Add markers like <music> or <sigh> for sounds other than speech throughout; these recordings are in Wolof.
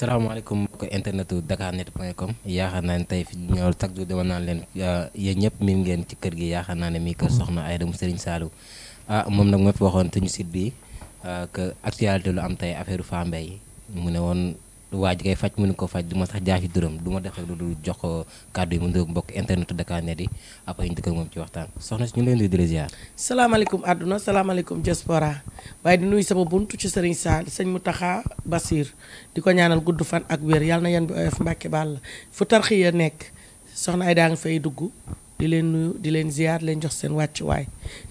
salaamaaleykum mbokk internetu dakarnet.com yaakaar naa ne tey fi ñëw chaque jour dama naan leen euh, yéen ñëpp miin ngeen ci kër gi yaakaar naa ne mii kër soxna Aida mu Serigne Saliou ah moom nag moo fi waxoon suñu site bi euh, que actualité lu am tey affaire Fambaye mu ne woon waa ji koy mu mënu ko faj du ma sax jaar ci dërëm du ma def rek lu jox ko kàddu yi mu ndoog mbokk internet Dakarnet yi après ñu dëkkal moom ci waxtaan soxna si ñu leen di di la ziar salaamaaleykum àdduna salaamaaleykum diaspora waaye di nuyu sama buntu ci sëriñ Saal sëñ Mountakha Bassir di ko ñaanal gudd fan ak wér yàlla na yan bi oyof Mbàkke Bàll fu tarxiya nekk soxna ay daa nga fay dugg di leen di leen ziar leen jox seen wàccuwaay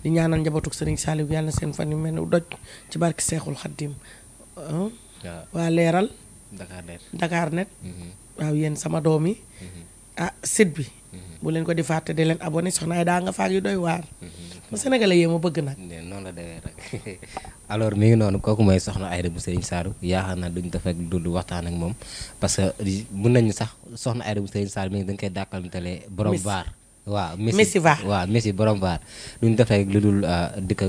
di ñaanal njabootuk sëriñ Saaliw yàlla seen fan yu mel ne doj ci barke Seexul Xaddim waa leeral Dakarnet Dakarnet mm-hmm. waaw yéen sama doom yi mm-hmm. ah site bi mm-hmm. bu leen ko di fàtte di leen abonné soxna ay daa nga faak yu doy waar ma sénégalais yee ma bëgg nag noonu la demee rek <laughs> alors mi ngi noonu kooku mooy soxna Aida bu Serigne Saliou yaakaar naa duñ def ak dund waxtaan ak moom parce que mun nañu sax soxna Aida bu Serigne Saliou mi ngi dañ koy dàkkalantale borom baar waaw Messi waa Messi borom baar lu ñu rek lu dul ah, dikk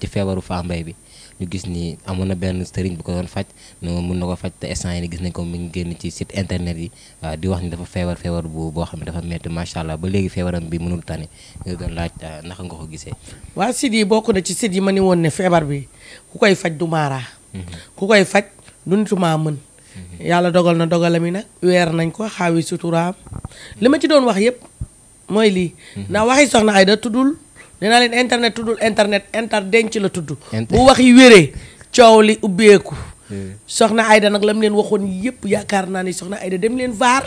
ci feebaru Fambaye bi ñu gis ni amoon na benn sëriñ bu ko doon faj no mun na ko faj te instant yi gis nañ ko mi ngi génn ci site internet yi di wax ni dafa feebar feebar bu boo xam ne dafa metti macha allah ba léegi feebaram bi mënul tane nga doon laaj ah, naka nga ko gisee waa site yi bokk ne ci site yi ma ni won ne feebar bi ku koy faj du maaraa mm-hmm. ku koy faj du nitumaa mën mm-hmm. yàlla dogal na dogalami yi nag weer nañ ko xaawi suturaam li ma ci doon wax yépp mooy lii mm-hmm. nee naa leen internet tuddul internet inter denc la tudd. bu wax yi wéree coow li ubbeeku. Hmm. soxna ayda nag lam leen waxoon yëpp yaakaar naa ni soxna Aida dem leen vaar.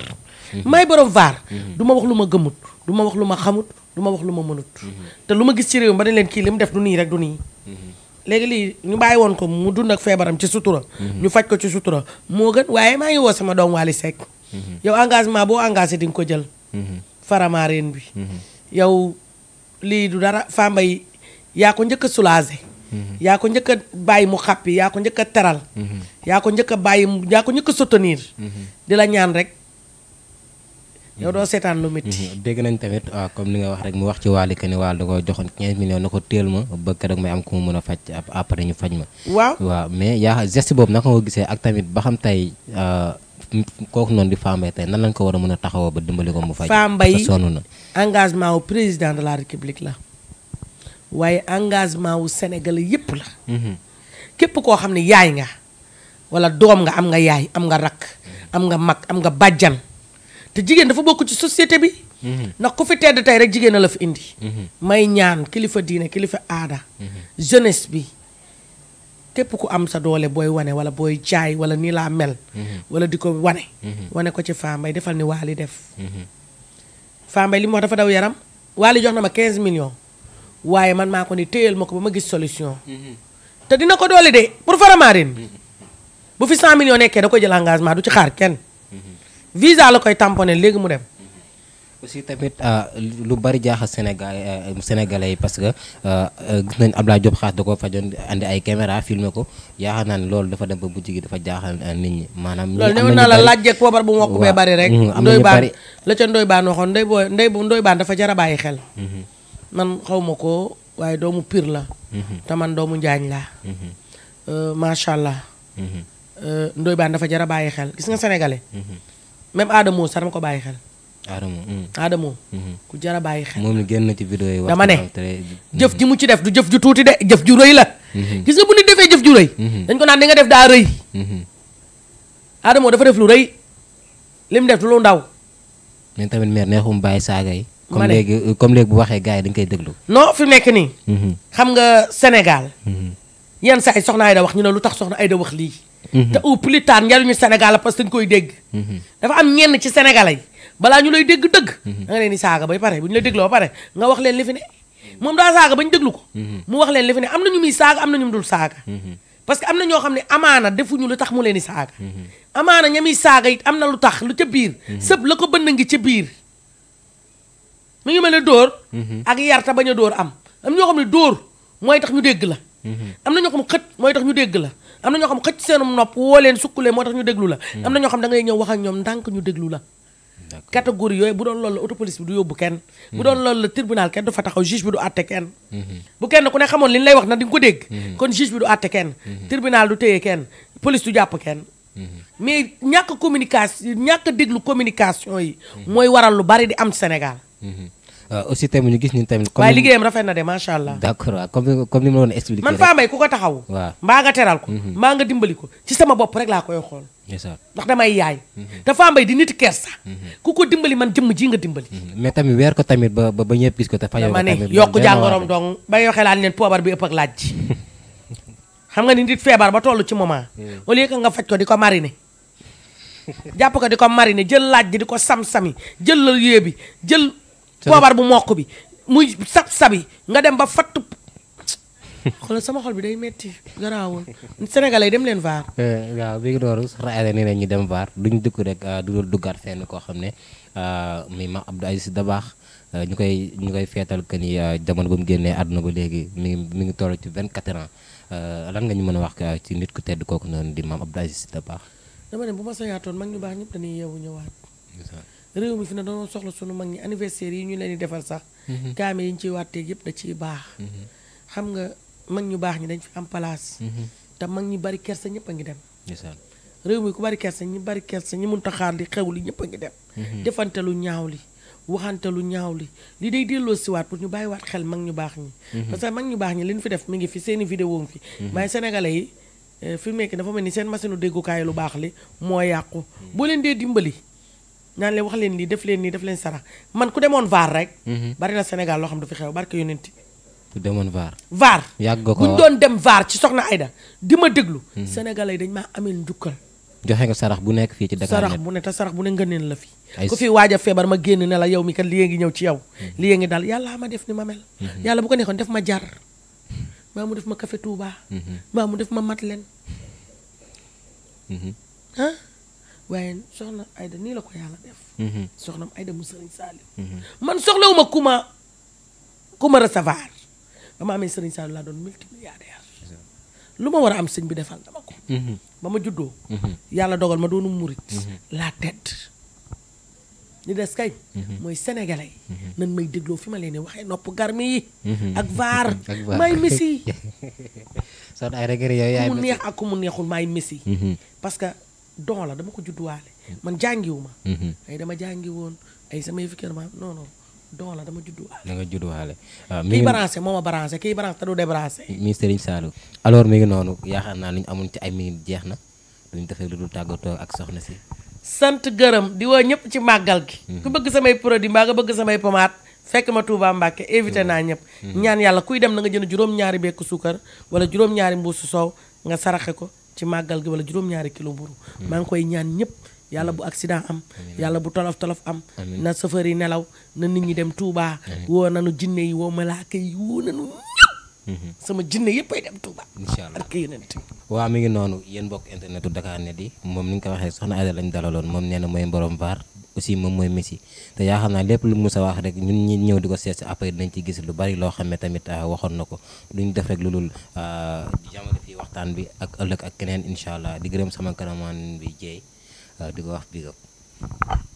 Hmm. may borom vaar. Hmm. du ma wax lu ma gëmut du ma wax lu ma xamut du ma wax lu ma mënut. te lu ma gis ci réew mi ba ne leen kii li mu def du nii rek du nii. léegi lii ñu bàyyi woon ko mu dund ak feebaram ci sutura. ñu faj ko ci sutura moo gën waaye maa ngi woo sama doom Waly Seck. yow engagement boo engagé di nga ko jël. faramareen lii du dara Fambaye yi yaa ko njëkk a mhm. yaa ko njëkk bàyyi mu xàppi yaa ko njëkk teral yaa ko njëkk bàyyi yaa ko njëkk a mhm. di la ñaan rek mhm. yow doo seetaan lu métti dégg nañ tamit waaw ah, comme ni nga wax rek mu wax ci Wally que ni Wally da ko joxoon 15 na ko téel ma ba keroog may am ku mu mën a faj après ñu faj ma waaw waaw mais yaa geste boobu naka nga ko gisee ak tamit ba xam tey ah, kooku noonu di Fambaye tey nan lañ ko war a mën a taxawoo ba dimbali ko mu faj. Fambaye sonn na engagement wu président de la république la waaye engagement wu Sénégal yépp la. Mhm. képp koo xam ne yaay nga wala doom nga am nga yaay am nga rakk am nga mag am nga bàjjan te jigéen dafa bokk ci société bi. Mhm. ndax ku fi tedd tey rek jigéen a la fi indi. Mhm. may ñaan kilifa diine kilifa aada. jeunesse bi. képp ku am sa doole booy wane wala booy jaay wala nii laa mel. Mhm. wala di ko wane. Mhm. wane ko ci Fambaye defal ni Waly def. Mhm. Fambaye li mu wax dafa daw yaram Waly jox na ma quinze millions waaye man maa ko ni téyal ma ko ba ma gis solution. te dina ko doole de pour Faramareen. bu fi 100 millions nekkee da ko jël engagement du ci xaar kenn. visa la koy tamponné léegi mu dem. aussi tamit euh, lu bari jaaxal Sénégal euh, sénégalais yi parce que euh, gis nañ Abdoulaye Diop Khass da ko fajoon andi ay caméra filmé ko yaakaar naa ne loolu dafa dem ba mujj gi dafa jaaxal nit ñi maanaam. loolu newoon naa la laajte poobar bu mokk mm, la ca Ndoye Bane waxoon Ndoye booy Ndoye Ndoye Bane dafa jar a bàyyi xel. Mm-hmm. man xaw ma ko waaye doomu piir la. Mm-hmm. te man doomu Njaañ la mm-hmm. macha allah. Ndoye Bane dafa jar bàyyi xel gis nga sénégalais. même Adamo sax dama ko bàyyi xel. Adamo. Mm. Adamo. Mm-hmm. ku jar a bàyyi xel. moom génn na ci vidéo yi dama ne mm-hmm. jëf ji mu ci def du jëf ju tuuti de jëf ju rëy la. Mm-hmm. gis nga bu nit defee jëf ju rëy. dañ ko naan di nga def daa rëy. Adamo dafa def lu li mu def ndaw. mais tamit meer neexum bàyyi saaga yi. comme léegi comme léegi bu waxee gars yi dañ koy déglu. no fi nekk nii. xam nga Sénégal. yenn saa yi soxna Aida wax ñu ne lu tax soxna Aida wax lii. te au plus tard njariñu Sénégal parce que dañ koy dégg. dafa am ñenn ci senegal sénégalais balaa ñu lay dégg dëgg mhm. da nga leen di saaga bay pare bu ñu la dégloo ba pare nga wax leen li fi moom daa saaga bañ déglu ko mhm. mu wax leen li fi am na ñu muy saaga am na dul saaga mhm. parce que am na ñoo xam ne amaana defuñu lu tax mu leen di saaga amaana ña muy saaga it am na lu tax lu ca biir sëb la ko bënn ngi ca biir mu ngi mel ne dóor ak yarta bañ a am am ñoo xam ne dóor mooy tax ñu dégg la am na ñoo xam xëj mooy tax ñu dégg la am na ñoo xam xëj seenum nopp woo leen sukkule moo tax ñu déglu la am na ñoo xam da ngay ñëw wax ak ñoom ndànk ñu déglu la catégorie yooyu bu doon loolu la autopolice bi du bu kenn. bu doon loolu la tribunal kenn du fa taxaw juge bi du àtte kenn. Mhm. bu kenn ku ne xamoon li ñu lay wax na di nga ko dégg. Mhm. kon juge bi du àtte kenn. Mhm. tribunal du téye kenn police du jàpp kenn. mais ñàkk communication ñàkk déglu communication yi. mooy waral lu bari di am Sénégal. Euh, aussi tamit ñu gis ñun tamit. comme waaye rafet na de macha allah. d' accord waaw comme comme ni ma ko taxaw. waaw mbaa nga teral ko. Mhm. nga dimbali ko ci sama bopp rek laa koy xool. ndax damay yaay. te mhm. Fambaye di nit kersa. Mhm. ku ko dimbali man jëmm ji nga dimbali. mais tamit weer ko tamit ba ba ñëpp gis ko te fayoo ko tamit. dama ne yokk jàngoroom dong ba yoxe laan leen poobar <laughs> xam nga ni nit feebar ba toll ci moment. Mm. au lieu que ko di ko mariner. <laughs> jàpp ko di ko mariner jël laaj ji di ko sam-sami jël la bi jël poobar bu mokk bi muy sab sabi nga dem ba fatt xoolal sama xol bi day metti garaawul sénégalais dem leen vaar. Eh, waaw bi dooru soxna Aida nee ñu dem vaar duñ dëkk rek ah, du duggaat fenn koo xam ne ah, muy ma Abdou Aziz Dabaax ah, ñu koy ñu koy feetal que ni jamono ba mu génnee àdduna ba léegi mi ngi mi ngi toll ci 24 ans lan nga ñu mën a wax ci nit ku tedd kooku noonu di maam Abdou Aziz Dabaax. dama ne bu ma soyaatoon mag ñu baax ñëpp dañuy yeewu ñëwaat. réew mi fi ne dañoo soxla sunu mag ñi anniversaire yi ñu leen di defal sax mhm. kaame yi ñu ciy wàtteeg yëpp da ciy baax mhm. xam nga mag ñu baax ñi dañ fi am place mhm. te mag ñi bari kersa ñëpp ngi dem réew mi ku bari kersa ñi bari kersa ñi mun taxaar li xew li ñëpp a ngi dem defante lu ñaaw li waxante lu ñaaw li li day delloo siwaat pour ñu bàyyi waat xel mag ñu baax ñi parce que mag ñu baax ñi li ñu fi def mi ngi fi seeni vidéo ngi fi waaye sénégalais yi eh, fi mu dafa mel ni seen machine déggukaay lu baax li moo yàqu boo leen dee dimbali ñaan leen wax leen lii def leen nii def leen sarax man ku demoon vaar rek. Mhm. bari na Sénégal loo xam du fi xew barke yonenti ku demoon vaar. vaar yàgg ko buñ doon dem vaar ci soxna ay Aida di ma déglu. Mhm. Sénégalais dañ maa ameel njukkal. joxe nga sarax bu nekk fii ci Dakar sarax bu ne te sarax bu ne ngëneel la fii ku fi waaj a feebar ma génn ne la yow mi kat lii ngi ñëw ci yow. Mhm. lii ngi daal yàlla ma def ni ma mel. yàlla bu ko nekkoon def ma jar. maa mu def ma café Touba. maa mu def ma mat leen. waaye soxna Aida nii la ko yàlla def. Mhm. soxnam Aida mu Serigne Saliou. Mhm. man soxlawuma ku ma ma recevoir ba ma amee Serigne Saliou laa doon multimilliardaire. Mhm. lu ma war a am sëñ bi defal dama ko. ba ma juddoo. yàlla dogal ma doonu murit. la tête. li des kay. mooy sénégalais yi. nan may dégloo fi ma leen di waxee nopp garmi yi. ak vaar <laughs> maay messi. <laughs> soxna ay regret yow yaay mu neex ak mu neexul maay messi. parce donc la dama ko judduwaale man jàngiwu ma mhm. ay dama jàngi woon ay samay fikir ma non non don la dama judduwaale da nga judduwaale waaw ah, kii branché moo ma branché kii branché te du débranché mi Serigne Saliou alors mi ngi noonu yaakaar naa lu ñu amoon ci ay minutes jeex na duñ defee lu dul tàggatoo ak soxna si sant gërëm di waa ñëpp ci màggal gi mhm. ku bëgg samay produit mbaa nga bëgg samay pomaat fekk ma Touba Mbacke évité naa ñëpp mhm. ñaan yàlla kuy dem na nga jënd juróom-ñaari suukar wala juróom-ñaari mbuusu soow nga saraxe ko ci màggal gi wala juróom-ñaari kilo mburu maa ngi koy ñaan ñëpp yàlla bu accident am yàlla bu tolof tolof am na safar yi nelaw na nit ñi dem Touba woo nanu jinne yi woo malaaka yi woo nanu mm-hmm. sama jinne yëppay dem Touba. incha allah ak yeneen waaw mi ngi noonu yéen mbokk internetu Dakar Net yi moom ni nga ko waxee soxna Aida lañ dalaloon moom nee na mooy borom baar aussi moom mooy Messi te yaa xam naa lépp lu Moussa wax rek ñun ñi ñëw di ko seet si après dinañ ci gis lu bari loo xam ne tamit ah, waxoon na ko lu ñu def rek lu dul ah, jamono fii waxtaan bi ak ëllëg ak keneen incha allah di gërëm sama kanamaan bi jeey ah, di ko wax big up